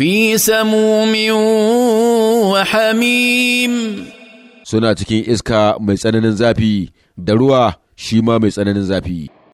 fi samumin wa hamim suna cikin iska mai tsananin zafi da ruwa shi ma mai tsananin zafi